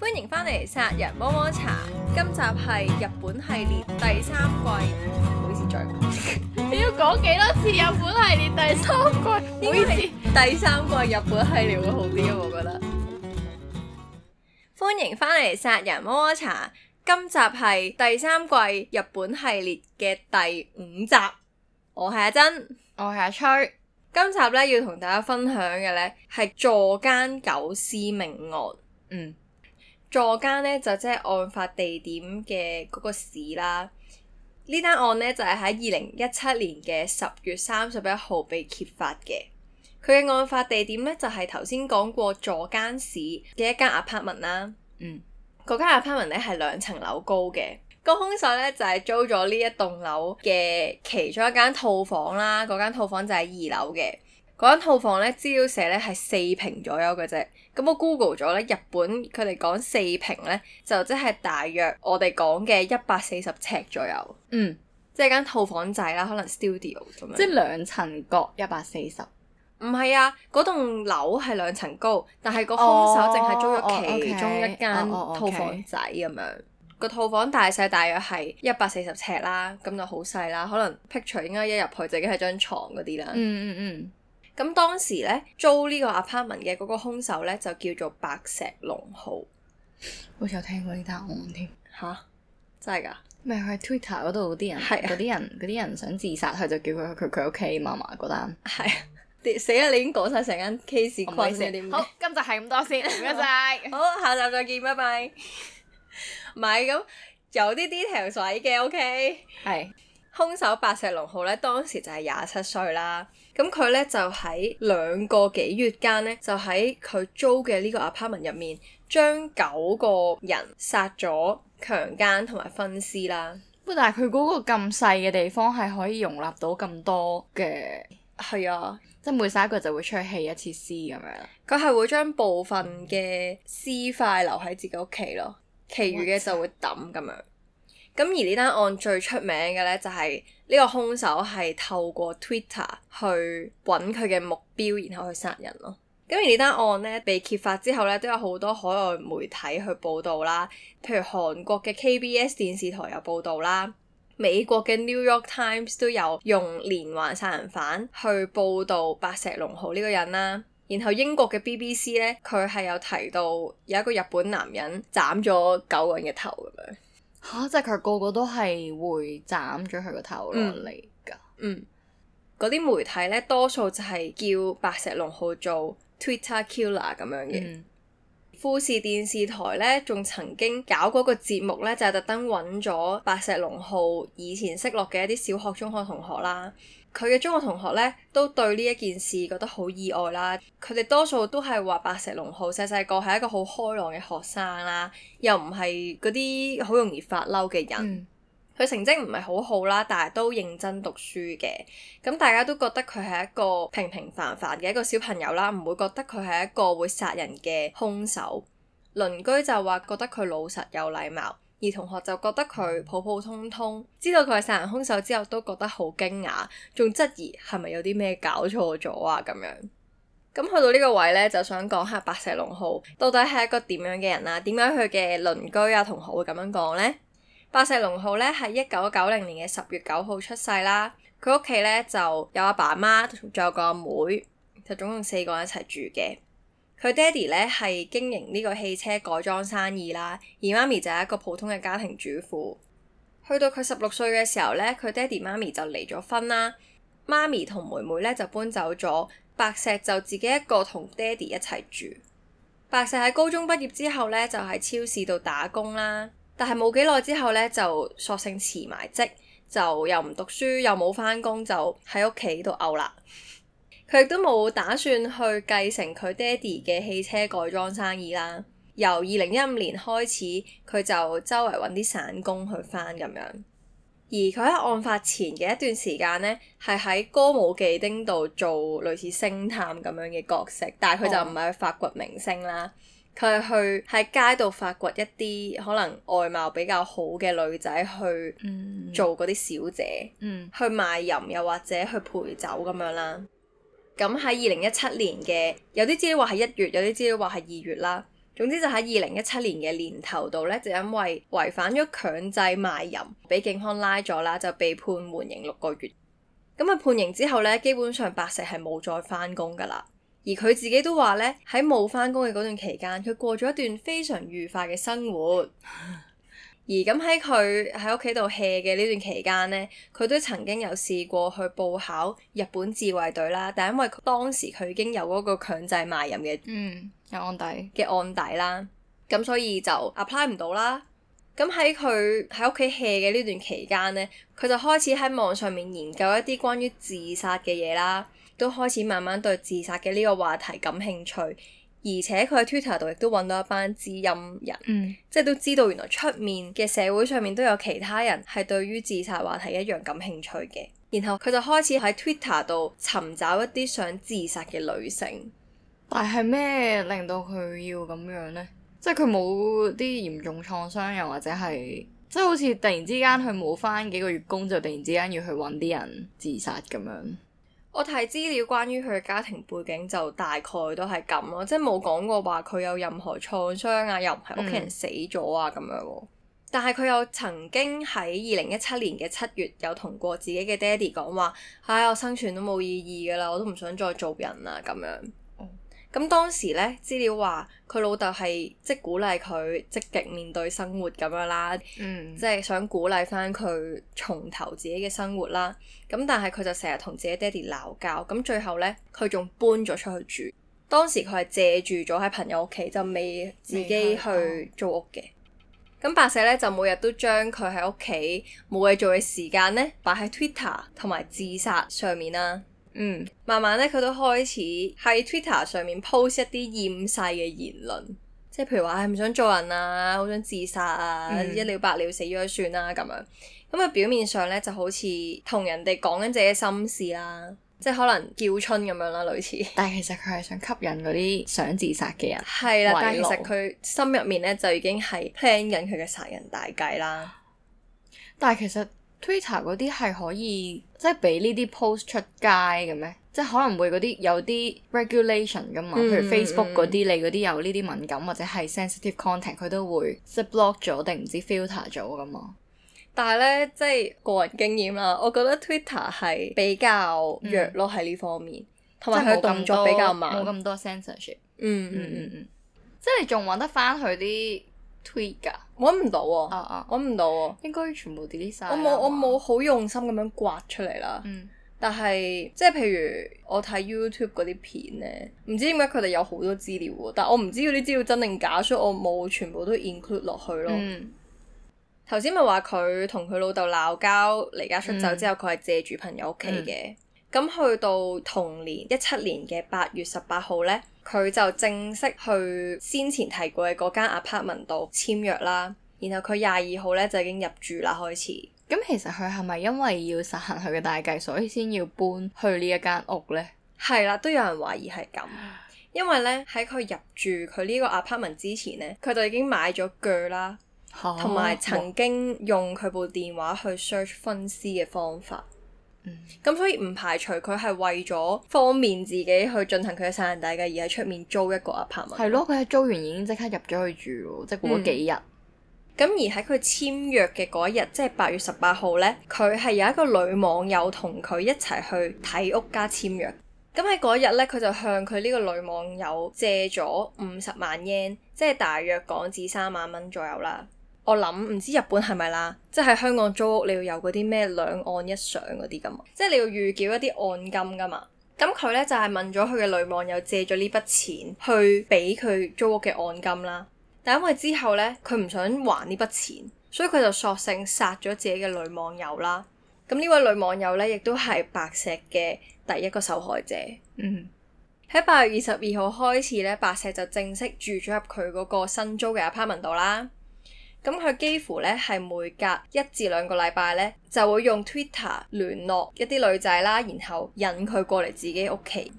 歡迎翻嚟殺人摩摩茶，今集係日本系列第三季，唔好意思再講。 你要講幾多次 日本系列第三季？唔好意思，第三季日本系列會好啲啊！我覺得。 歡迎翻嚟殺人摩摩茶，今集係第三季日本系列嘅第五集。我係阿珍，我係阿崔。今集咧要同大家分享嘅咧係座間九屍命案，嗯。座間咧就即係案發地點嘅嗰個市啦。呢單案咧就係喺二零一七年嘅十月三十一號被揭發嘅。佢嘅案發地點咧就係頭先講過座間市嘅一間 apartment 啦。嗯，嗰間 apartment 咧係兩層樓高嘅。個兇手咧就係、是、租咗呢一棟樓嘅其中一間套房啦。嗰間套房就喺二樓嘅。嗰間套房咧資料寫咧係四坪左右嘅啫。咁我 Google 咗咧，日本佢哋講四坪咧，就即係大約我哋講嘅一百四十尺左右。嗯，即係間套房仔啦，可能 studio 咁樣。即係兩層各一百四十。唔係啊，嗰棟樓係兩層高，但係個凶手淨係、oh, 租咗其中一間套房仔咁樣。Oh, okay. Oh, okay. 個套房大細大約係一百四十尺啦，咁就好細啦，可能 picture 應該一入去自己係張床嗰啲啦。嗯嗯嗯。咁當時咧租呢個 Apartment 嘅嗰個兇手咧就叫做白石隆浩，好似有聽過呢單案添吓？真係噶咩喺 Twitter 嗰度啲人嗰啲人嗰啲人想自殺，佢就叫佢去佢佢屋企麻麻嗰單，係啊，死啦！你已經講晒成間 case 困咗點好，今集係咁多先，唔該晒！好下集再見，拜拜。唔係咁有啲啲 detail 水嘅，OK，係兇手白石隆浩咧，當時就係廿七歲啦。咁佢咧就喺兩個幾月間咧，就喺佢租嘅呢個 apartment 入面，將九個人殺咗、強姦同埋分屍啦。不過，但係佢嗰個咁細嘅地方係可以容納到咁多嘅，係 啊，即係每殺一個就會出去棄一次屍咁樣。佢係會將部分嘅屍塊留喺自己屋企咯，其餘嘅就會抌咁樣。咁而呢單案最出名嘅呢，就係呢個兇手係透過 Twitter 去揾佢嘅目標，然後去殺人咯。咁而呢單案呢，被揭發之後呢，都有好多海外媒體去報道啦，譬如韓國嘅 KBS 電視台有報道啦，美國嘅 New York Times 都有用連環殺人犯去報道白石隆浩呢個人啦。然後英國嘅 BBC 呢，佢係有提到有一個日本男人斬咗九個人嘅頭咁樣。嚇、哦！即係佢個個都係會斬咗佢個頭落嚟㗎。嗯，嗰啲的、嗯、媒體咧，多數就係叫白石隆浩做 Twitter Killer 咁樣嘅。嗯、富士電視台咧，仲曾經搞嗰個節目咧，就係特登揾咗白石隆浩以前識落嘅一啲小學、中學同學啦。佢嘅中學同學呢，都對呢一件事覺得好意外啦。佢哋多數都係話白石隆浩細細個係一個好開朗嘅學生啦，又唔係嗰啲好容易發嬲嘅人。佢、嗯、成績唔係好好啦，但係都認真讀書嘅。咁大家都覺得佢係一個平平凡凡嘅一個小朋友啦，唔會覺得佢係一個會殺人嘅兇手。鄰居就話覺得佢老實有禮貌。而同學就覺得佢普普通通，知道佢係殺人兇手之後都覺得好驚訝，仲質疑係咪有啲咩搞錯咗啊咁樣。咁去到呢個位呢，就想講下白石隆浩到底係一個點樣嘅人啊？點解佢嘅鄰居啊同學會咁樣講呢？白石隆浩呢喺一九九零年嘅十月九號出世啦，佢屋企呢就有阿爸阿媽，仲有個阿妹，妹，就總共四個人一齊住嘅。佢爹哋咧係經營呢個汽車改裝生意啦，而媽咪就係一個普通嘅家庭主婦。去到佢十六歲嘅時候咧，佢爹哋媽咪就離咗婚啦，媽咪同妹妹咧就搬走咗，白石就自己一個同爹哋一齊住。白石喺高中畢業之後咧，就喺超市度打工啦，但係冇幾耐之後咧，就索性辭埋職，就又唔讀書又冇返工，就喺屋企度嘔啦。佢亦都冇打算去繼承佢爹哋嘅汽車改裝生意啦。由二零一五年開始，佢就周圍揾啲散工去返咁樣。而佢喺案發前嘅一段時間呢，係喺歌舞伎町度做類似星探咁樣嘅角色，但係佢就唔係去發掘明星啦，佢係、oh. 去喺街度發掘一啲可能外貌比較好嘅女仔去、mm hmm. 做嗰啲小姐，mm hmm. 去賣淫又或者去陪酒咁樣啦。Mm hmm. 咁喺二零一七年嘅，有啲資料話係一月，有啲資料話係二月啦。總之就喺二零一七年嘅年頭度咧，就因為違反咗強制賣淫，俾警方拉咗啦，就被判緩刑六個月。咁啊，判刑之後咧，基本上白石係冇再翻工噶啦。而佢自己都話咧，喺冇翻工嘅嗰段期間，佢過咗一段非常愉快嘅生活。 而咁喺佢喺屋企度 hea 嘅呢段期間呢，佢都曾經有試過去報考日本自衛隊啦，但因為當時佢已經有嗰個強制賣淫嘅嗯嘅案底嘅案底啦，咁所以就 apply 唔到啦。咁喺佢喺屋企 hea 嘅呢段期間呢，佢就開始喺網上面研究一啲關於自殺嘅嘢啦，都開始慢慢對自殺嘅呢個話題感興趣。而且佢喺 Twitter 度亦都揾到一班知音人，嗯、即係都知道原來出面嘅社會上面都有其他人係對於自殺話題一樣感興趣嘅。然後佢就開始喺 Twitter 度尋找一啲想自殺嘅女性。但係咩令到佢要咁樣咧？即係佢冇啲嚴重創傷又或者係即係好似突然之間佢冇翻幾個月工，就突然之間要去揾啲人自殺咁樣。我睇資料關於佢嘅家庭背景就大概都係咁咯，即係冇講過話佢有任何創傷啊，又唔係屋企人死咗啊咁樣。但係佢又曾經喺二零一七年嘅七月有同過自己嘅爹哋講話，唉、哎，我生存都冇意義㗎啦，我都唔想再做人啦咁樣。咁當時咧，資料話佢老豆係即鼓勵佢積極面對生活咁樣啦，嗯、即係想鼓勵翻佢重頭自己嘅生活啦。咁但係佢就成日同自己爹哋鬧交，咁最後咧佢仲搬咗出去住。當時佢係借住咗喺朋友屋企，就未自己去租屋嘅。咁白石咧就每日都將佢喺屋企冇嘢做嘅時間咧擺喺 Twitter 同埋自殺上面啦。嗯，慢慢咧，佢都開始喺 Twitter 上面 post 一啲厭世嘅言論，即係譬如話，哎唔想做人啊，好想自殺啊，嗯、一了百了死咗算啦咁樣。咁佢表面上咧就好似同人哋講緊自己嘅心事啦，啊，即係可能叫春咁樣啦，類似。但係其實佢係想吸引嗰啲想自殺嘅人。係啦， 但係其實佢心入面咧就已經係 plan 緊佢嘅殺人大計啦。但係其實。Twitter 嗰啲係可以即係俾呢啲 post 出街嘅咩？即係可能會嗰啲有啲 regulation 嘅嘛，嗯、譬如 Facebook 嗰啲、嗯、你嗰啲有呢啲敏感或者係 sensitive content，佢都會即係 block 咗定唔知 filter 咗嘅嘛。但係咧即係個人經驗啦，我覺得 Twitter 係比較弱咯喺呢方面，同埋佢動作比較慢，冇咁多 censorship。嗯嗯嗯嗯，即係你仲揾得翻佢啲。Twitter 揾唔到喎、啊，揾唔、uh uh, 到喎、啊，應該全部 delete 晒。我冇哇我冇好用心咁樣刮出嚟啦。嗯、但係即係譬如我睇 YouTube 嗰啲片咧，唔知點解佢哋有好多資料喎，但我唔知嗰啲資料真定假，所以我冇全部都 include 落去咯。頭先咪話佢同佢老豆鬧交，離家出走之後，佢係、嗯、借住朋友屋企嘅。嗯咁去到同年一七年嘅八月十八號呢，佢就正式去先前提過嘅嗰間 apartment 度簽約啦。然後佢廿二號呢，就已經入住啦，開始。咁其實佢係咪因為要實行佢嘅大計，所以先要搬去呢一間屋呢？係啦， 都有人懷疑係咁，因為呢，喺佢入住佢呢個 apartment 之前呢，佢就已經買咗鋸啦，同埋、oh. 曾經用佢部電話去 search 分屍嘅方法。咁所以唔排除佢係為咗方便自己去進行佢嘅殺人大計，而喺出面租一個 apartment，嗯嗯。係咯，佢係租完已經即刻入咗去住，即係過幾日。咁而喺佢簽約嘅嗰日，即係八月十八號呢，佢係有一個女網友同佢一齊去睇屋加簽約。咁喺嗰日呢，佢就向佢呢個女網友借咗五十萬 yen 即係大約港紙三萬蚊左右啦。我諗，唔知日本係咪啦，即係香港租屋你要有嗰啲咩兩案一上嗰啲噶嘛，即係你要預繳一啲按金噶嘛。咁佢呢就係、是、問咗佢嘅女網友借咗呢筆錢去俾佢租屋嘅按金啦。但係因為之後呢，佢唔想還呢筆錢，所以佢就索性殺咗自己嘅女網友啦。咁呢位女網友呢，亦都係白石嘅第一個受害者。嗯，喺八月二十二號開始呢，白石就正式住咗入佢嗰個新租嘅 apartment 度啦。咁佢幾乎咧係每隔一至兩個禮拜咧，就會用 Twitter 聯絡一啲女仔啦，然後引佢過嚟自己屋企。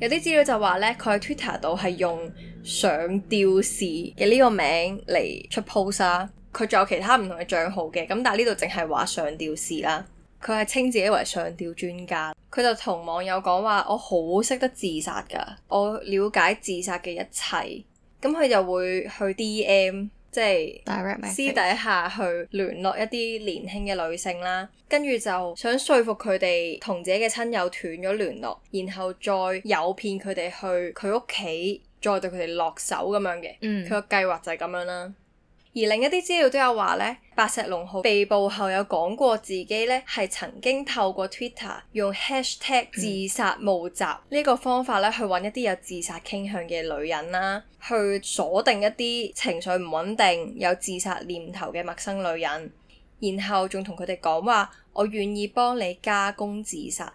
有啲資料就話咧，佢喺 Twitter 度係用上吊士嘅呢個名嚟出 post 啊。佢仲有其他唔同嘅帳號嘅，咁但係呢度淨係話上吊士啦。佢係稱自己為上吊專家。佢就同網友講話：我好識得自殺㗎，我了解自殺嘅一切。咁佢就會去 DM。即係私底下去聯絡一啲年輕嘅女性啦，跟住就想說服佢哋同自己嘅親友斷咗聯絡，然後再誘騙佢哋去佢屋企，再對佢哋落手咁樣嘅。嗯。佢個計劃就係咁樣啦。而另一啲資料都有話咧，白石隆浩被捕後有講過自己咧係曾經透過 Twitter 用 hashtag 自殺募集呢個方法咧去揾一啲有自殺傾向嘅女人啦，去鎖定一啲情緒唔穩定、有自殺念頭嘅陌生女人，然後仲同佢哋講話：我願意幫你加工自殺。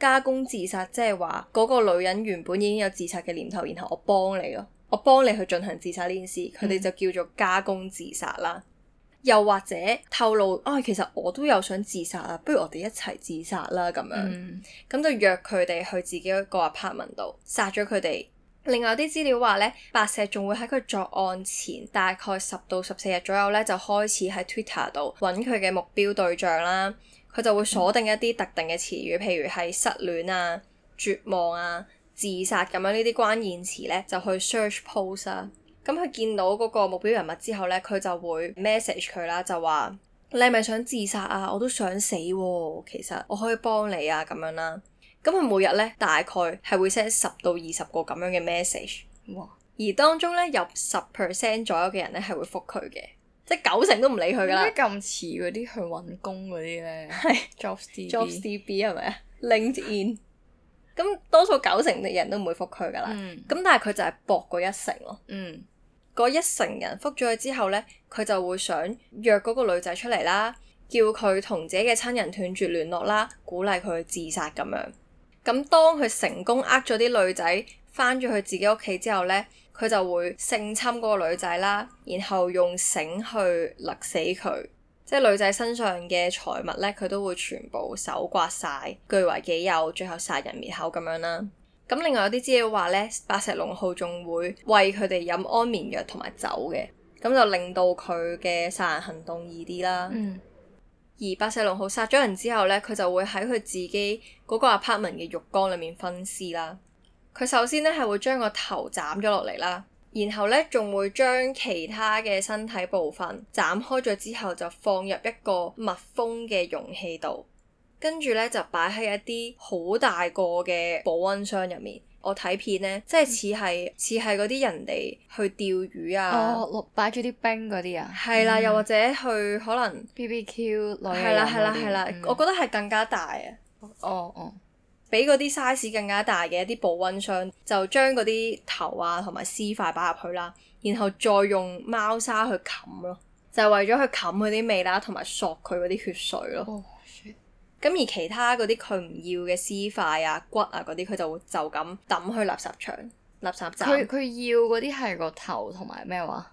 加工自殺即係話嗰個女人原本已經有自殺嘅念頭，然後我幫你咯。我幫你去進行自殺呢件事，佢哋就叫做加工自殺啦。嗯、又或者透露，唉、哎，其實我都有想自殺啊，不如我哋一齊自殺啦咁樣。咁、嗯、就約佢哋去自己一個 apartment 度殺咗佢哋。另外啲資料話咧，白石仲會喺佢作案前大概十到十四日左右咧，就開始喺 Twitter 度揾佢嘅目標對象啦。佢就會鎖定一啲特定嘅詞語，嗯、譬如係失戀啊、絕望啊。自殺咁樣呢啲關鍵詞呢，就去 search post 啊。咁佢見到嗰個目標人物之後呢，佢就會 message 佢啦，就話：你係咪想自殺啊？我都想死喎、啊，其實我可以幫你啊，咁樣啦。咁佢每日呢，大概係會 send 十到二十個咁樣嘅 message。哇！而當中呢，有十 percent 左右嘅人呢係會復佢嘅，即係九成都唔理佢噶啦。咁遲嗰啲去揾工嗰啲呢，係。JobsDB，JobsDB 係咪啊？LinkedIn。 咁多數九成嘅人都唔會覆佢㗎喇，咁、嗯、但係佢就係搏嗰一成咯。嗰、嗯、一成人覆咗佢之後呢，佢就會想約嗰個女仔出嚟啦，叫佢同自己嘅親人斷絕聯絡啦，鼓勵佢去自殺咁樣。咁當佢成功呃咗啲女仔返咗去自己屋企之後呢，佢就會性侵嗰個女仔啦，然後用繩去勒死佢。即係女仔身上嘅財物咧，佢都會全部搜刮晒，據為己有，最後殺人滅口咁樣啦。咁另外有啲資料話咧，白石隆浩仲會餵佢哋飲安眠藥同埋酒嘅，咁就令到佢嘅殺人行動易啲啦。嗯、而白石隆浩殺咗人之後咧，佢就會喺佢自己嗰個 apartment 嘅浴缸裏面分屍啦。佢首先咧係會將個頭斬咗落嚟啦。然後呢，仲會將其他嘅身體部分斬開咗之後，就放入一個密封嘅容器度，跟住呢，就擺喺一啲好大個嘅保溫箱入面。我睇片呢，即係似係似係嗰啲人哋去釣魚啊，哦，落擺住啲冰嗰啲啊，係啦、啊，嗯、又或者去可能 BBQ 攞嘢飲嗰啲，係啦係啦係啦，我覺得係更加大啊、哦！哦哦。俾嗰啲 size 更加大嘅一啲保溫箱，就將嗰啲頭啊同埋屍塊擺入去啦，然後再用貓砂去冚咯，就係、是、為咗去冚佢啲味啦，同埋索佢嗰啲血水咯。咁、oh, shit. 而其他嗰啲佢唔要嘅屍塊啊、骨啊嗰啲，佢就會就咁抌去垃圾場、垃圾站。佢佢要嗰啲係個頭同埋咩話？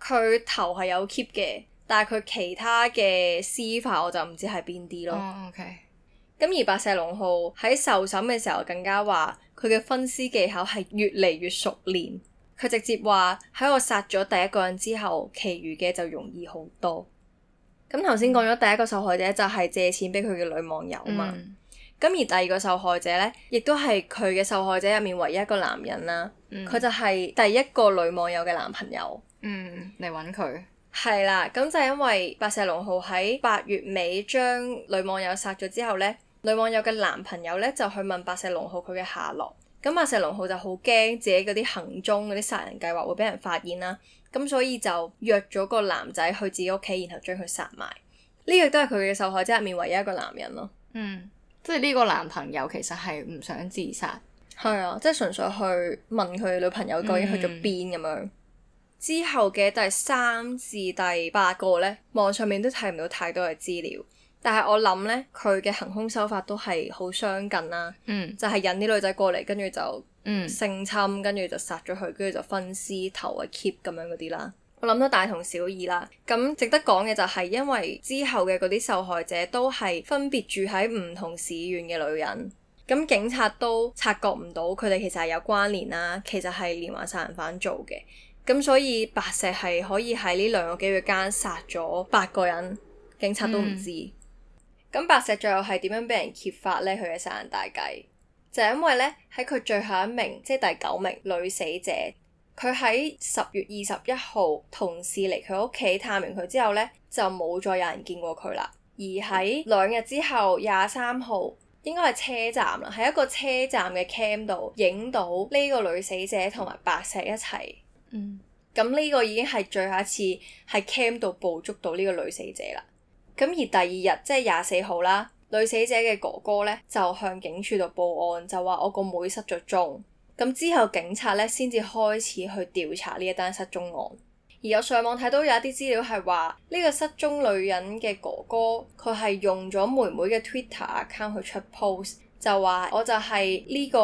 佢頭係有 keep 嘅，但係佢其他嘅屍塊我就唔知係邊啲咯。o、oh, k、okay. 咁而白石隆浩喺受審嘅時候更加話，佢嘅分屍技巧係越嚟越熟練。佢直接話喺我殺咗第一個人之後，其餘嘅就容易好多。咁頭先講咗第一個受害者就係借錢俾佢嘅女網友嘛。咁、嗯、而第二個受害者呢，亦都係佢嘅受害者入面唯一一個男人啦。佢、嗯、就係第一個女網友嘅男朋友。嗯，嚟揾佢係啦。咁就係因為白石隆浩喺八月尾將女網友殺咗之後呢。女網友嘅男朋友咧，就去問白石隆浩佢嘅下落，咁、嗯、白石隆浩就好驚自己嗰啲行蹤、嗰啲殺人計劃會俾人發現啦，咁所以就約咗個男仔去自己屋企，然後將佢殺埋。呢個都係佢嘅受害者入面唯一一個男人咯。嗯，即係呢個男朋友其實係唔想自殺，係啊，即係純粹去問佢女朋友究竟去咗邊咁樣。嗯、之後嘅第三至第八個咧，網上面都睇唔到太多嘅資料。但係我諗呢，佢嘅行兇手法都係好相近啦，嗯、就係引啲女仔過嚟，跟住就性侵，嗯、跟住就殺咗佢，跟住就分屍頭啊 keep 咁樣嗰啲啦。我諗都大同小異啦。咁值得講嘅就係因為之後嘅嗰啲受害者都係分別住喺唔同市縣嘅女人，咁警察都察覺唔到佢哋其實係有關聯啦，其實係連環殺人犯做嘅。咁所以白石係可以喺呢兩個幾月間殺咗八個人，警察都唔知。嗯咁白石最後係點樣俾人揭發呢？佢嘅殺人大計就係因為呢，喺佢最後一名即係第九名女死者，佢喺十月二十一號同事嚟佢屋企探完佢之後呢，就冇再有人見過佢啦。而喺兩日之後，廿三號應該係車站啦，喺一個車站嘅 cam 度影到呢個女死者同埋白石一齊。嗯，咁呢個已經係最後一次喺 cam 度捕捉到呢個女死者啦。咁而第二日即係廿四號啦，女死者嘅哥哥呢就向警署度報案，就話我個妹失咗蹤。咁之後警察呢先至開始去調查呢一單失蹤案。而我上網睇到有一啲資料係話，呢個失蹤女人嘅哥哥佢係用咗妹妹嘅 Twitter account 去出 post，就話我就係呢個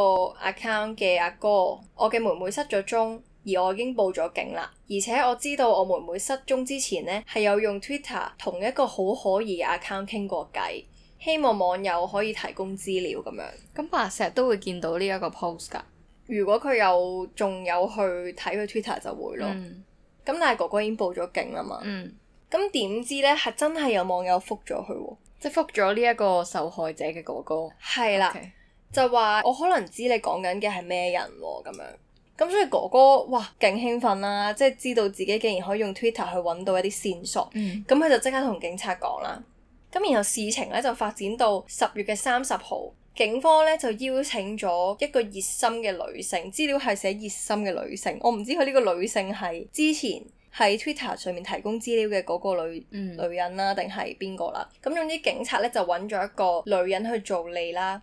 account 嘅阿哥，我嘅妹妹失咗蹤。而我已經報咗警啦，而且我知道我妹妹失蹤之前呢，係有用 Twitter 同一個好可疑嘅 account 傾過偈，希望網友可以提供資料咁樣。咁白石都會見到呢一個 post 㗎。如果佢有仲有去睇佢 Twitter 就會咯。咁、嗯、但係哥哥已經報咗警啦嘛。咁點、嗯、知呢？係真係有網友覆咗佢喎，即係覆咗呢一個受害者嘅哥哥。係啦，Okay. 就話我可能知你講緊嘅係咩人喎、啊、咁樣。咁所以哥哥哇，勁興奮啦、啊！即係知道自己竟然可以用 Twitter 去揾到一啲線索，咁佢、嗯，就即刻同警察講啦。咁然後事情咧，就發展到十月嘅三十號，警方咧，就邀請咗一個熱心嘅女性，資料係寫熱心嘅女性，我唔知佢呢個女性係之前喺 Twitter 上面提供資料嘅嗰個女、嗯，女人啦、啊，定係邊個啦？咁總之警察咧，就揾咗一個女人去做餌啦。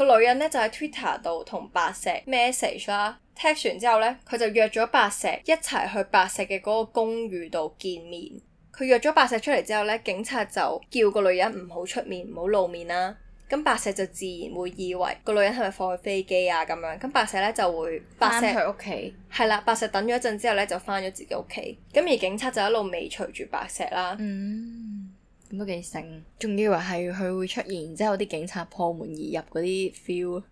那個女人咧，就喺 Twitter 度同白石 message 啦、啊。Text 完之後呢，佢就約咗白石一齊去白石嘅嗰個公寓度見面。佢約咗白石出嚟之後呢，警察就叫個女人唔好出面，唔好露面啦。咁白石就自然會以為個女人係咪放佢飛機啊咁樣。咁白石呢就會返去屋企。係啦，白石等咗一陣之後呢，就返咗自己屋企。咁而警察就一路尾隨住白石啦。嗯，咁都幾醒，仲以為係佢會出現，之後啲警察破門而入嗰啲 feel。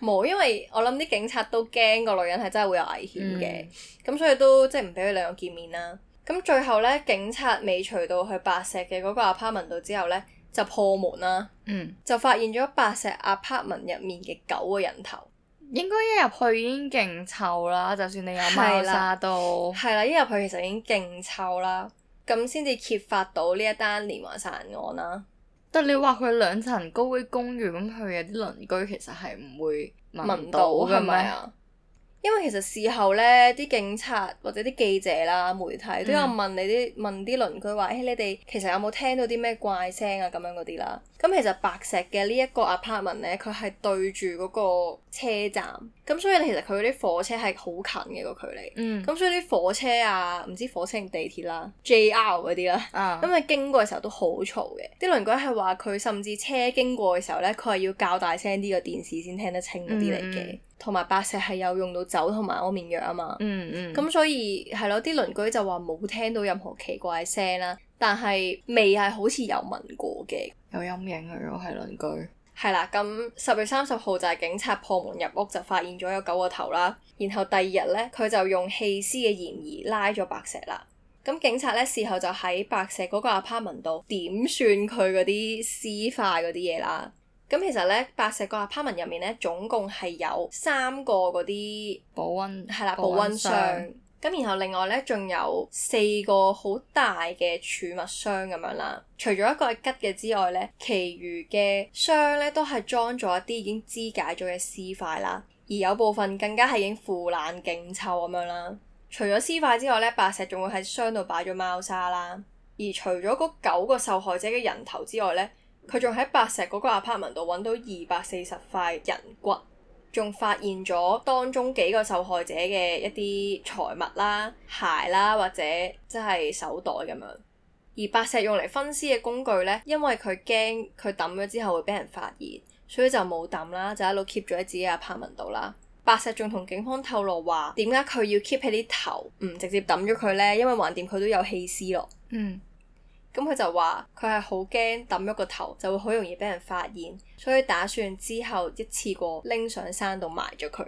冇， 因為我諗啲警察都驚個女人係真係會有危險嘅，咁、嗯、所以都即係唔俾佢兩個見面啦。咁最後呢，警察尾隨到去白石嘅嗰個 apartment 度之後呢，就破門啦，嗯、就發現咗白石 apartment 入面嘅九個人頭。應該一入去已經勁臭啦，就算你有貓砂都係啦，一入去其實已經勁臭啦，咁先至揭發到呢一單連環殺人案啦。但你話佢兩層高嘅公寓，咁佢有啲鄰居其實係唔會聞到嘅，係咪啊？是是因為其實事後呢啲警察或者啲記者啦、媒體都有問你啲、嗯、問啲鄰居話，誒、欸，你哋其實有冇聽到啲咩怪聲啊？咁樣嗰啲啦。咁其實白石嘅呢一個 apartment 呢，佢係對住嗰個車站。咁所以其實佢嗰啲火車係好近嘅個距離，咁、嗯、所以啲火車啊，唔知火車定地鐵啦、啊、，JR 嗰啲啦，咁佢、啊、經過嘅時候都好嘈嘅。啲鄰居係話佢甚至車經過嘅時候呢，佢係要較大聲啲個電視先聽得清嗰啲嚟嘅。同埋、嗯、白石係有用到酒同埋安眠藥啊嘛，咁、嗯嗯、所以係咯，啲鄰居就話冇聽到任何奇怪聲啦，但係未係好似有聞過嘅。有陰影啊！如果係鄰居。係啦，咁十月三十號就係警察破門入屋就發現咗有九個頭啦。然後第二日呢，佢就用棄屍嘅嫌疑拉咗白石啦。咁警察呢，事後就喺白石嗰個 Apartment 度點算佢嗰啲屍塊嗰啲嘢啦。咁其實呢，白石個 Apartment 入面呢，總共係有三個嗰啲保溫係啦，了保溫箱。咁然後另外呢，仲有四個好大嘅儲物箱咁樣啦。除咗一個係吉嘅之外呢，其餘嘅箱呢都係裝咗一啲已經肢解咗嘅屍塊啦。而有部分更加係已經腐爛勁臭咁樣啦。除咗屍塊之外呢，白石仲會喺箱度擺咗貓砂啦。而除咗嗰九個受害者嘅人頭之外呢，佢仲喺白石嗰個 apartment 度揾到二百四十塊人骨。仲發現咗當中幾個受害者嘅一啲財物啦、鞋啦、或者即係手袋咁樣。而白石用嚟分屍嘅工具呢，因為佢驚佢抌咗之後會俾人發現，所以就冇抌啦，就一路 keep 咗喺自己 apartment 度啦。白石仲同警方透露話，點解佢要 keep 起啲頭唔直接抌咗佢呢？因為橫掂佢都有棄屍咯。嗯。咁佢、嗯、就話佢係好驚揼咗個頭就會好容易俾人發現，所以打算之後一次過拎上山度埋咗佢。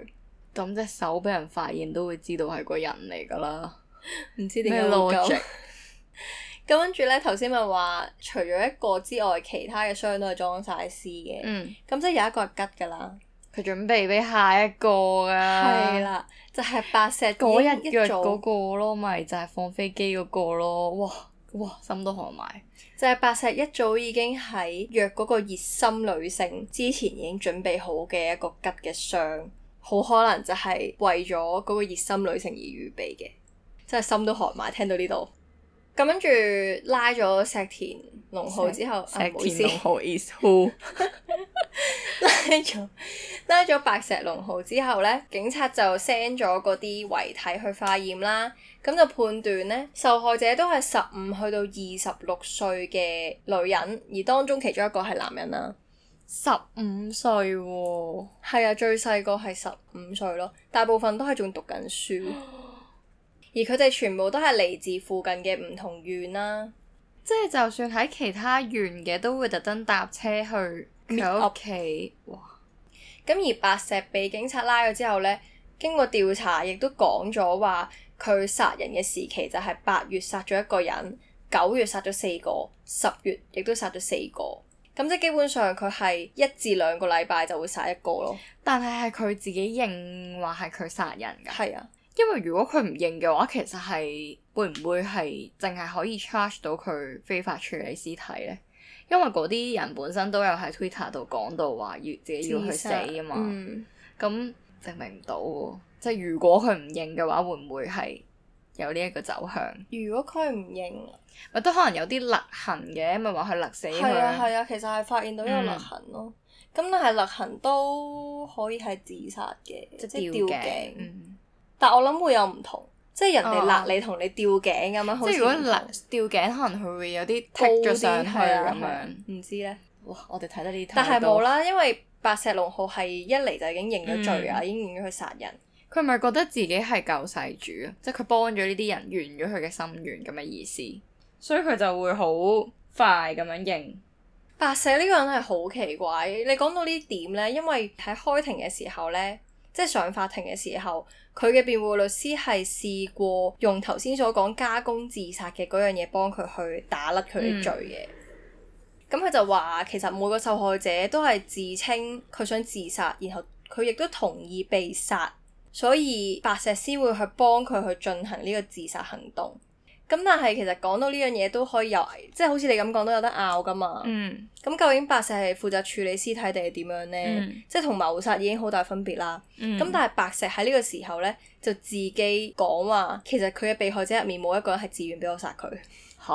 咁隻手俾人發現都會知道係個人嚟噶啦，唔 知點解會夠。咁 跟住呢，頭先咪話除咗一個之外，其他嘅箱都係裝晒屍嘅。嗯。咁、嗯、即係有一個係吉噶啦。佢準備俾下一個噶、啊。係啦 就係、是、白石嗰日約嗰個咯，咪 就係放飛機嗰個咯，哇！哇，心都寒埋！就係白石一早已經喺約嗰個熱心女性之前已經準備好嘅一個吉嘅相，好可能就係為咗嗰個熱心女性而預備嘅，真係心都寒埋。聽到呢度，咁跟住拉咗石田龍浩之後，唔好意思，石田龍浩 is who？ 拉咗拉咗白石隆浩之後咧，警察就 send 咗嗰啲遺體去化驗啦。咁就判斷呢，受害者都係十五去到二十六歲嘅女人，而當中其中一個係男人啦。十五歲，係啊，最細個係十五歲咯。大部分都係仲讀緊書， 而佢哋全部都係嚟自附近嘅唔同縣啦。即係就算喺其他縣嘅，都會特登搭車去。喺屋企咁。而白石被警察拉咗之後呢，經過調查亦都講咗話，佢殺人嘅時期就係八月殺咗一個人，九月殺咗四個，十月亦都殺咗四個。咁即係基本上佢係一至兩個禮拜就會殺一個咯。但係係佢自己認話係佢殺人㗎。係啊。因為如果佢唔認嘅話，其實係會唔會係淨係可以 charge 到佢非法處理屍體呢？因為嗰啲人本身都有喺 Twitter 度講到話要自己要去死啊嘛。咁、嗯、證明唔到，即係如果佢唔認嘅話，會唔會係有呢一個走向？如果佢唔認，咪都可能有啲勒痕嘅，咪話佢勒死佢。係啊係啊，其實係發現到一個勒痕咯。咁、嗯、但係勒痕都可以係自殺嘅，即係吊頸。但我諗會有唔同，即係人哋勒你同你吊頸咁樣。啊、即係如果勒吊頸，可能佢會有啲剔咗上去咁樣。唔知咧。哇！我哋睇得呢啲太多。但係冇啦，嗯、因為白石隆浩係一嚟就已經認咗罪啊，嗯、已經認咗佢殺人。佢咪覺得自己係救世主啊？即係佢幫咗呢啲人圓咗佢嘅心願咁嘅意思，所以佢就會好快咁樣認。白石呢個人係好奇怪。你講到呢點咧，因為喺開庭嘅時候咧，即係上法庭嘅時候。佢嘅辯護律師係試過用頭先所講加工自殺嘅嗰樣嘢幫佢去打甩佢嘅罪嘅、嗯，咁佢就話其實每個受害者都係自稱佢想自殺，然後佢亦都同意被殺，所以白石先會去幫佢去進行呢個自殺行動。咁但係其實講到呢樣嘢都可以有，即係好似你咁講都有得拗㗎嘛。咁、嗯、究竟白石係負責處理屍體定係點樣呢？嗯、即係同謀殺已經好大分別啦。咁、嗯、但係白石喺呢個時候呢，就自己講話，其實佢嘅被害者入面冇一個人係自願俾我殺佢吓，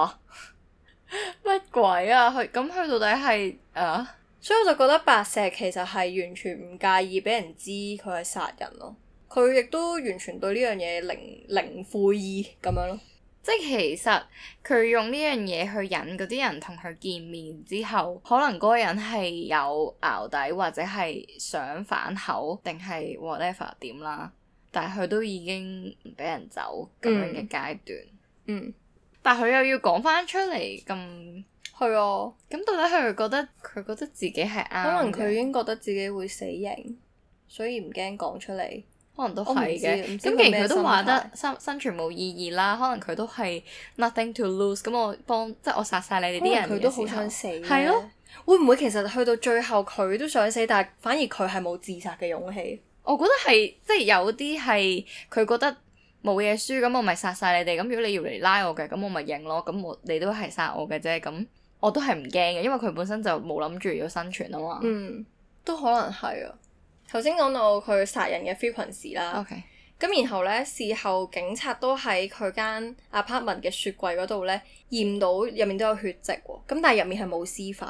乜蛤 鬼啊？佢咁佢到底係啊？所以我就覺得白石其實係完全唔介意俾人知佢係殺人咯。佢亦都完全對呢樣嘢零零悔意咁樣咯。即係其實佢用呢樣嘢去引嗰啲人同佢見面之後，可能嗰個人係有淆底或者係想反口定係 whatever 點啦，但係佢都已經唔俾人走咁、嗯、樣嘅階段。嗯，但係佢又要講翻出嚟咁，係啊，咁到底佢覺得佢覺得自己係啱？可能佢已經覺得自己會死刑，所以唔驚講出嚟。可能都係嘅，咁既然佢都話得生生存冇意義啦，可能佢都係 nothing to lose，咁我幫即係我殺晒你哋啲人，佢都好想死嘅。係咯，會唔會其實去到最後佢都想死，但係反而佢係冇自殺嘅勇氣？我覺得係即係有啲係佢覺得冇嘢輸，咁我咪殺晒你哋，咁如果你要嚟拉我嘅，咁我咪認咯，咁我你都係殺我嘅啫，咁我都係唔驚嘅，因為佢本身就冇諗住要生存啊嘛，嗯，都可能係啊。頭先講到佢殺人嘅 frequency 啦，咁 Okay. 然後呢，事後警察都喺佢間 apartment 嘅雪櫃嗰度呢驗到入面都有血跡喎，咁但係入面係冇屍塊，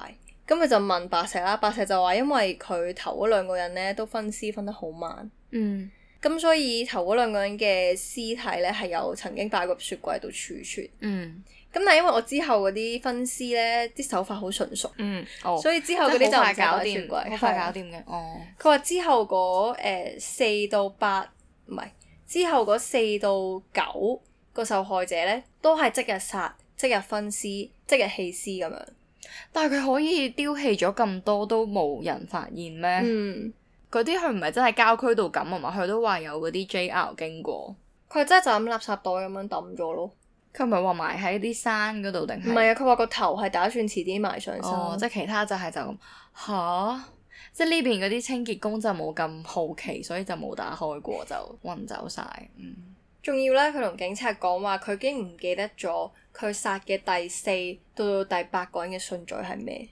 咁佢就問白石啦，白石就話因為佢頭嗰兩個人呢都分屍分得好慢，嗯，咁所以頭嗰兩個人嘅屍體呢係有曾經擺過雪櫃度儲存，嗯。咁但係因為我之後嗰啲分屍咧，啲手法好純熟，嗯哦、所以之後嗰啲就快搞掂定，快是的 搞掂嘅。佢、哦、話之後嗰誒四到八唔係之後嗰四到九個受害者咧，都係即日殺、即日分屍、即日棄屍咁樣。但係佢可以丟棄咗咁多都冇人發現咩？嗰啲佢唔係真係郊區度咁啊嘛？佢都話有嗰啲 J R 經過，佢真係就咁垃圾袋咁樣抌咗咯。佢唔係話埋喺啲山嗰度定係？唔係啊！佢話個頭係打算遲啲埋上身，哦、即係其他就係就咁吓、啊。即係呢邊嗰啲清潔工就冇咁好奇，所以就冇打開過，就運走晒。嗯，仲要呢，佢同警察講話，佢已經唔記得咗佢殺嘅第四到第八個人嘅順序係咩？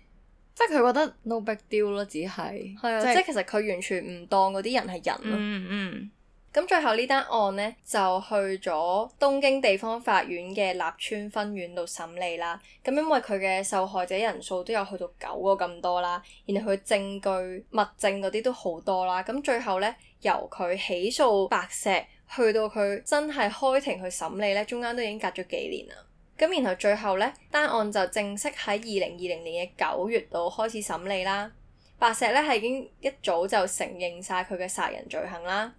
即係佢覺得 no big deal 咯，只係係啊！即係其實佢完全唔當嗰啲人係人咯、嗯。嗯嗯。咁最後呢單案呢，就去咗東京地方法院嘅立川分院度審理啦。咁因為佢嘅受害者人數都有去到九個咁多啦，然後佢證據物證嗰啲都好多啦。咁最後呢，由佢起訴白石，去到佢真係開庭去審理呢，中間都已經隔咗幾年啦。咁然後最後呢，單案就正式喺二零二零年嘅九月度開始審理啦。白石呢，係已經一早就承認晒佢嘅殺人罪行啦。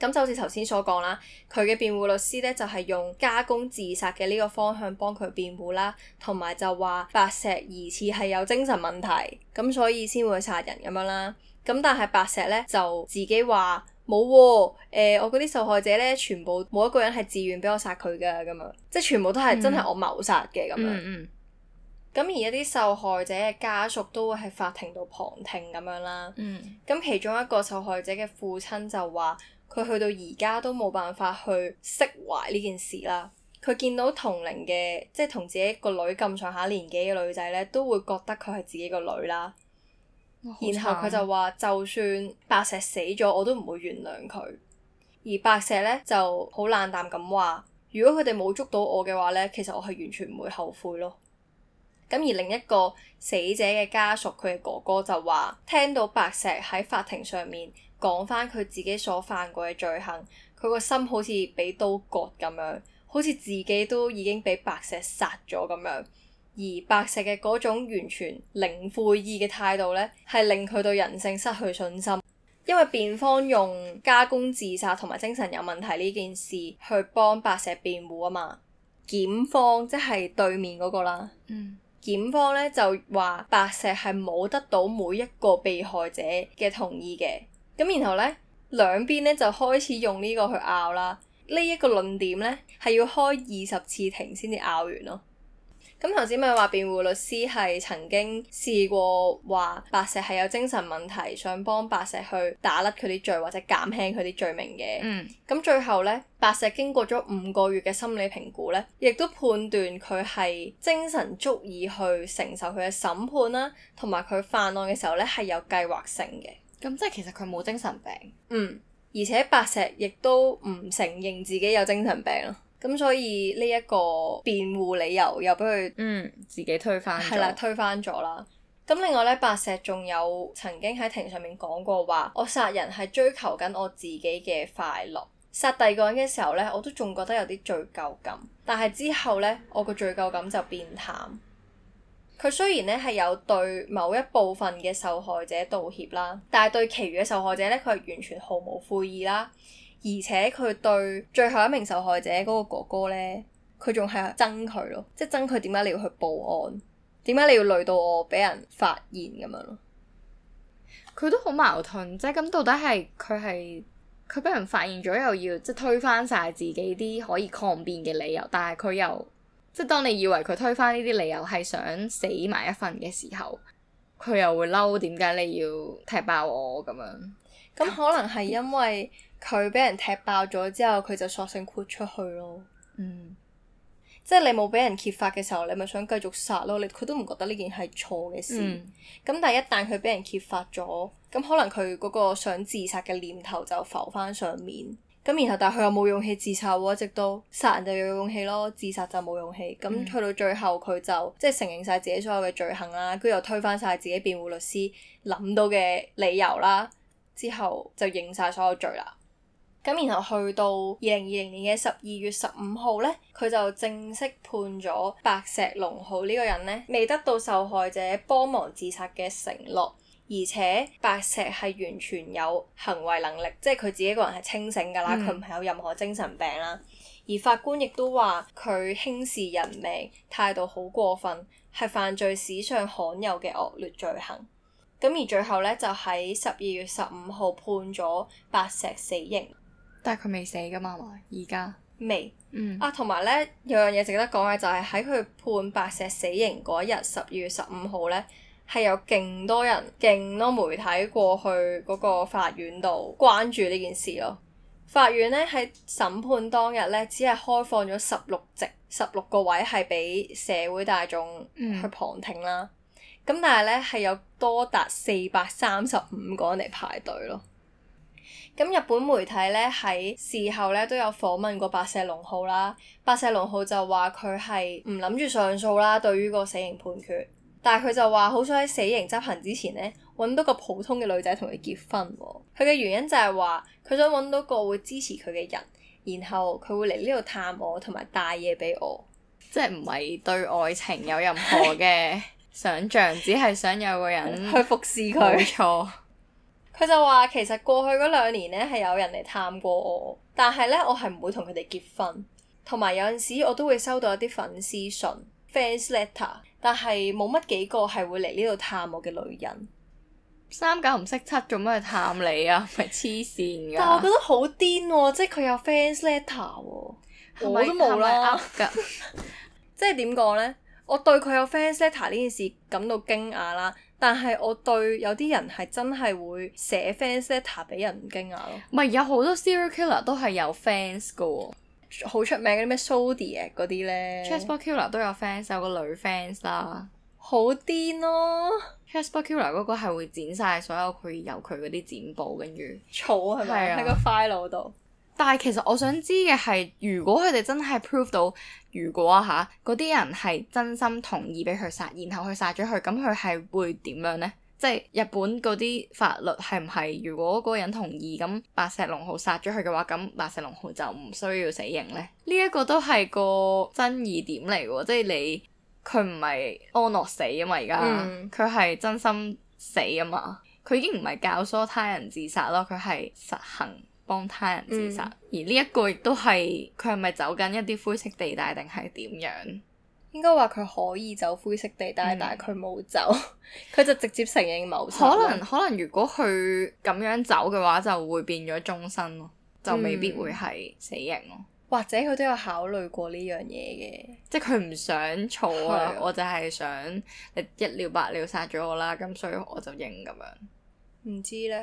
咁就好似頭先所講啦，佢嘅辯護律師咧就係、是、用加工自殺嘅呢個方向幫佢辯護啦，同埋就話白石疑似係有精神問題，咁所以先會去殺人咁樣啦。咁但係白石咧就自己話冇誒，我嗰啲受害者咧全部冇一個人係自願俾我殺佢㗎，咁樣即係全部都係真係我謀殺嘅咁樣。咁、嗯、而一啲受害者嘅家屬都會喺法庭度旁聽咁樣啦。咁、嗯、其中一個受害者嘅父親就話佢去到而家都冇辦法去釋懷呢件事啦。佢見到同齡嘅，即係同自己個女咁上下年紀嘅女仔呢，都會覺得佢係自己個女啦。哦、然後佢就話：慘就算白石死咗，我都唔會原諒佢。而白石呢，就好冷淡咁話：如果佢哋冇捉到我嘅話呢，其實我係完全唔會後悔咯。咁而另一個死者嘅家屬，佢嘅哥哥就話：聽到白石喺法庭上面。講翻佢自己所犯過嘅罪行，佢個心好似俾刀割咁樣，好似自己都已經俾白石殺咗咁樣。而白石嘅嗰種完全零悔意嘅態度呢，係令佢對人性失去信心。因為辯方用加工自殺同埋精神有問題呢件事去幫白石辯護啊嘛，檢方即係對面嗰個啦。嗯，檢方呢就話白石係冇得到每一個被害者嘅同意嘅。咁然後呢，兩邊呢就開始用呢個去拗啦。呢、這、一個論點呢，係要開二十次庭先至拗完咯。咁頭先咪話，辯護律師係曾經試過話白石係有精神問題，想幫白石去打甩佢啲罪或者減輕佢啲罪名嘅。咁、嗯、最後呢，白石經過咗五個月嘅心理評估呢，亦都判斷佢係精神足以去承受佢嘅審判啦，同埋佢犯案嘅時候呢係有計劃性嘅。咁即係其實佢冇精神病，嗯，而且白石亦都唔承認自己有精神病咯，咁所以呢一個辯護理由又俾佢，嗯，自己推翻，係啦，推翻咗啦。咁另外呢，白石仲有曾經喺庭上面講過話，我殺人係追求緊我自己嘅快樂，殺第二個人嘅時候呢，我都仲覺得有啲罪疚感，但係之後呢，我個罪疚感就變淡。佢雖然咧係有對某一部分嘅受害者道歉啦，但係對其餘嘅受害者咧，佢係完全毫無悔意啦。而且佢對最後一名受害者嗰個哥哥咧，佢仲係憎佢咯，即係憎佢點解你要去報案，點解你要累到我俾人發現咁樣咯？佢都好矛盾，即係咁到底係佢係佢俾人發現咗又要即係推翻晒自己啲可以抗辯嘅理由，但係佢又。即係當你以為佢推翻呢啲理由係想死埋一份嘅時候，佢又會嬲，點解你要踢爆我咁樣？咁可能係因為佢俾人踢爆咗之後，佢就索性豁出去咯。嗯，即係你冇俾人揭發嘅時候，你咪想繼續殺咯。你佢都唔覺得呢件係錯嘅事。咁、嗯、但係一旦佢俾人揭發咗，咁可能佢嗰個想自殺嘅念頭就浮翻上面。咁然後，但係佢又冇勇氣自殺喎，直到殺人就有勇氣咯，自殺就冇勇氣。咁去、嗯、到最後，佢就即、是、係承認晒自己所有嘅罪行啦，佢又推翻晒自己辯護律師諗到嘅理由啦，之後就認晒所有罪啦。咁然後去到二零二零年嘅十二月十五號呢，佢就正式判咗白石隆浩呢個人呢，未得到受害者幫忙自殺嘅承諾。而且白石係完全有行為能力，即係佢自己一個人係清醒㗎啦，佢唔係有任何精神病啦。而法官亦都話佢輕視人命，態度好過分，係犯罪史上罕有嘅惡劣罪行。咁而最後呢，就喺十二月十五號判咗白石死刑。但係佢未死㗎嘛？嘛，而家未。嗯。啊，同埋呢有樣嘢值得講嘅就係喺佢判白石死刑嗰日，十二月十五號呢。係有勁多人、勁多媒體過去嗰個法院度關注呢件事咯。法院咧喺審判當日咧，只係開放咗十六席、十六個位係俾社會大眾去旁聽啦。咁、嗯、但係咧係有多達四百三十五個人嚟排隊咯。咁日本媒體咧喺事後咧都有訪問過白石隆浩啦，白石隆浩就話佢係唔諗住上訴啦，對於個死刑判決。但係佢就話好想喺死刑執行之前呢，揾到個普通嘅女仔同佢結婚。佢嘅原因就係話佢想揾到個會支持佢嘅人，然後佢會嚟呢度探我同埋帶嘢俾我。我即係唔係對愛情有任何嘅想像， 只係想有個人去服侍佢。冇錯。佢就話其實過去嗰兩年呢係有人嚟探過我，但係呢，我係唔會同佢哋結婚。同埋有陣時我都會收到一啲粉絲信，fans letter。但係冇乜幾個係會嚟呢度探我嘅女人。三九唔識七，做咩去探你啊？咪黐線㗎！但我覺得好癲喎、啊，即係佢有 fans letter 喎、啊，係咪我都冇啦。 即係點講呢？我對佢有 fans letter 呢件事感到驚訝啦。但係我對有啲人係真係會寫 fans letter 俾人唔驚訝咯。咪有好多 serial killer 都係有 fans 嘅、啊。好出名嗰啲咩 Zodiac 嗰啲咧，Chessboard Killer 都有 fans，有個女 fans 啦、啊，好癲咯！Chessboard Killer 嗰個係會剪晒所有佢由佢嗰啲剪報，跟住草係咪喺個 file 度？但係其實我想知嘅係，如果佢哋真係 prove 到，如果嚇嗰啲人係真心同意俾佢殺，然後佢殺咗佢，咁佢係會點樣咧？即係日本嗰啲法律係唔係？如果嗰個人同意，咁白石隆浩殺咗佢嘅話，咁白石隆浩就唔需要死刑咧？呢、呢、一個都係個爭議點嚟喎，即係你佢唔係安樂死啊嘛，而家佢係真心死啊嘛，佢已經唔係教唆他人自殺咯，佢係實行幫他人自殺，嗯、而呢一個亦都係佢係咪走緊一啲灰色地帶定係點樣？應該話佢可以走灰色地帶，但係佢冇走，佢、嗯、 就直接承認謀殺。可能可能如果佢咁樣走嘅話，就會變咗終身咯，嗯、就未必會係死刑咯。或者佢都有考慮過呢樣嘢嘅，即係佢唔想坐啊！的我就係想你一了百了殺咗我啦，咁所以我就認咁樣。唔知呢，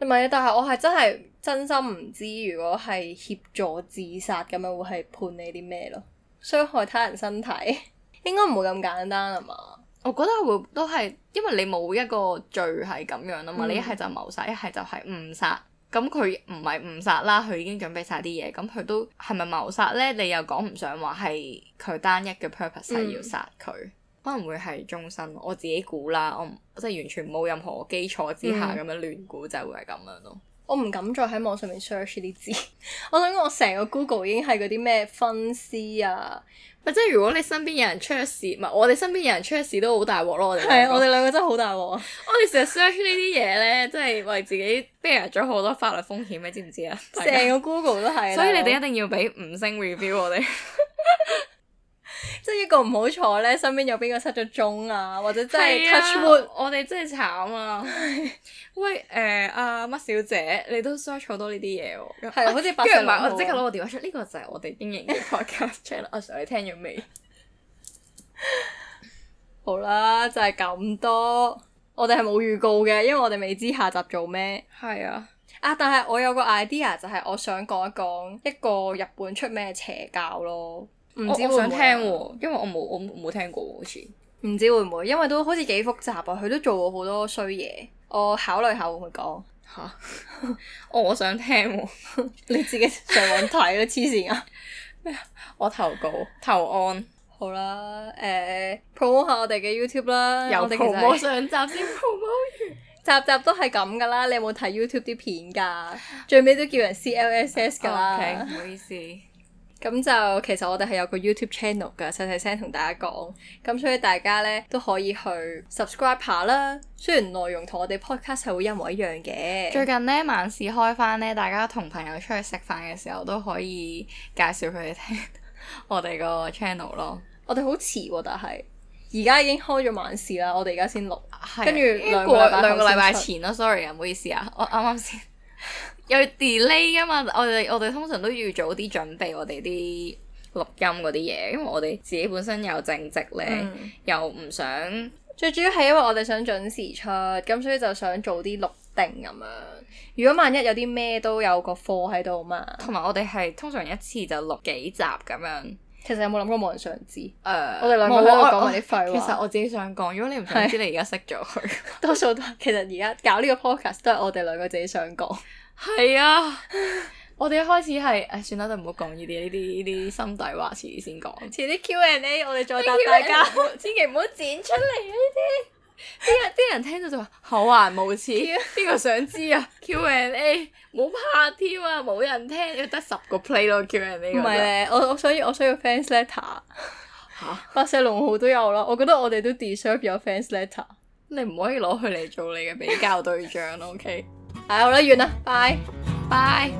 唔係啊！但係我係真係真心唔知，如果係協助自殺咁樣，會係判你啲咩咯？傷害他人身體， 應該唔會咁簡單啊嘛？我覺得我會都係，因為你冇一個罪係咁樣啊嘛。嗯、你一係就謀殺，一係就係誤殺。咁佢唔係誤殺啦，佢已經準備晒啲嘢。咁佢都係咪謀殺咧？你又講唔上話係佢單一嘅 purpose 係要殺佢，嗯、可能會係終身。我自己估啦，我唔，即係完全冇任何基礎之下咁樣亂估，就會係咁樣咯。嗯嗯。我唔敢再喺網上面 search 啲字，我想我成個 Google 已經係嗰啲咩分屍啊，咪即係如果你身邊有人出咗事，咪我哋身邊有人出咗事都好大鑊咯。我哋係啊，我哋兩個真係好大鑊。我哋成日 search 呢啲嘢咧，真係為自己 bear 咗好多法律風險，你知唔知啊？成個 Google 都係。 所以你哋一定要俾五星 review 我哋們。 即係一個唔好彩咧，身邊有邊個失咗蹤啊，或者真係 touchwood、啊。 我哋真係慘啊！ 喂誒、呃、啊，乜小姐，你都 search 好多呢啲嘢喎，係、啊、好似不如我即刻攞個電話出呢、呢個就係我哋經營嘅 podcast channel，阿 Sir 你聽咗未？ 好啦，就係、是、咁多。我哋係冇預告嘅，因為我哋未知下集做咩。係啊，啊！但係我有個 idea，就係我想講一講一個日本出咩邪教咯。唔知會唔會？因為我冇我冇聽過喎，好似唔知會唔會？因為都好似幾複雜啊！佢都做過好多衰嘢，我考慮下會唔會講吓？我想聽喎，你自己上網睇咯，黐線啊！咩啊？我投稿投案好啦，誒 promote 下我哋嘅 YouTube 啦，由 promo 上集先 promote 完，集集都係咁噶啦！你有冇睇 YouTube 啲片噶？最尾都叫人 CLSS 噶啦，唔好意思。咁就其實我哋係有個 YouTube channel 㗎，細細聲同大家講，咁所以大家呢都可以去 subscribe 下啦。雖然內容同我哋 podcast 係會一模一樣嘅。最近呢，晚市開返呢，大家同朋友出去食飯嘅時候都可以介紹佢哋聽我哋個 channel 咯。我哋好遲喎、啊，但係而家已經開咗晚市啦，我哋而家先錄，跟住對兩個兩個禮拜前啦，sorry，唔好意思啊，我啱啱先。 有 delay 㗎嘛？我哋我哋通常都要早啲準備我哋啲錄音嗰啲嘢，因為我哋自己本身有正職咧，嗯、又唔想最主要係因為我哋想準時出，咁所以就想早啲錄定咁樣。如果萬一有啲咩都有個貨喺度嘛，同埋我哋係通常一次就錄幾集咁樣。其實有冇諗過冇人想知？誒，我哋兩個喺度講啲廢話。其實我自己想講，如果你唔想知，是你而家熄咗佢。 多數都其實而家搞呢個 podcast 都係我哋兩個自己想講。係啊，我哋一開始係，唉，算啦，都唔好講呢啲呢啲呢啲心底話，遲啲先講，遲啲 Q&A 我哋再答大家，千祈唔好剪出嚟啊，呢啲，啲人啲人聽到就厚顏無恥，邊個想知啊？Q&A，冇怕添啊，冇人聽，又得十個 play 咯，Q&A。唔係咧，我我所以我需要 fans letter，吓，白石隆浩都有啦，我覺得我哋都 deserve 有 fans letter，你唔可以攞佢嚟做你嘅比較對象，OK？係啊，我都完啦，拜拜。